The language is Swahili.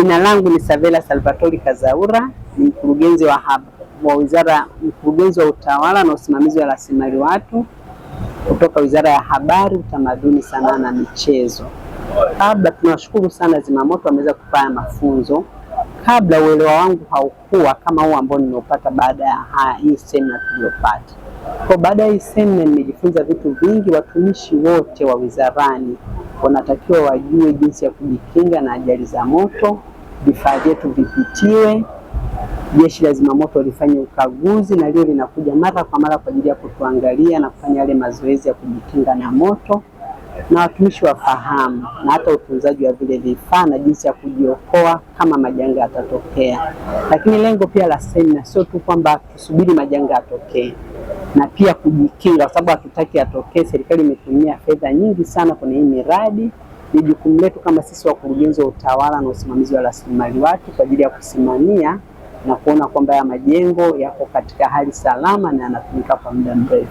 Jina langu ni Savela Salvatori Kazaura, ni mkurugenzi wa haba wa wizara, mkurugenzi wa utawala na usimamizi wa rasilimali watu kutoka Wizara ya Habari, Utamaduni, Sanaa na Michezo. Kabla tunawashukuru sana zimamoto wameweza kufanya mafunzo. Kabla uelewa wangu haukuwa kama huu ambao nimeupata baada ya hii semina tuliyopata. Kwa baada ya hii semina nimejifunza vitu vingi. Watumishi wote wa wizarani wanatakiwa wajue jinsi ya kujikinga na ajali za moto vifaa vyetu vipitiwe, jeshi la zimamoto lifanye ukaguzi, na leo linakuja mara kwa mara kwa ajili ya kutuangalia na kufanya yale mazoezi ya kujikinga na moto, na watumishi wafahamu, na hata utunzaji wa vile vifaa na jinsi ya kujiokoa kama majanga yatatokea. Lakini lengo pia la semina sio tu kwamba tusubiri majanga yatokee na pia kujikinga, kwa sababu hatutaki yatokee. Serikali imetumia fedha nyingi sana kwenye hii miradi. Ni jukumu letu kama sisi wakurugenzi wa utawala na usimamizi wa rasilimali watu kwa ajili ya kusimamia na kuona kwamba haya majengo yako katika hali salama na yanatumika kwa muda mrefu.